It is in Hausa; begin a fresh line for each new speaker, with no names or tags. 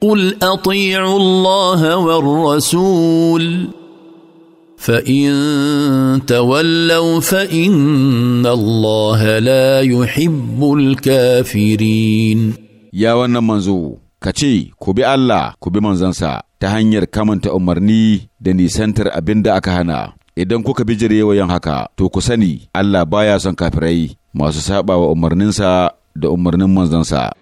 قل اطيعوا الله والرسول فان تولوا فان الله لا
يحب الكافرين يا wannan manzo kace ku bi Allah ku bi manzansa ta hanyar kamanta umarni da nisantar abin da aka hana idan kuka bi yin haka to ku sani Allah baya son kafirai masu saɓawa umarninsa da umarnin manzansa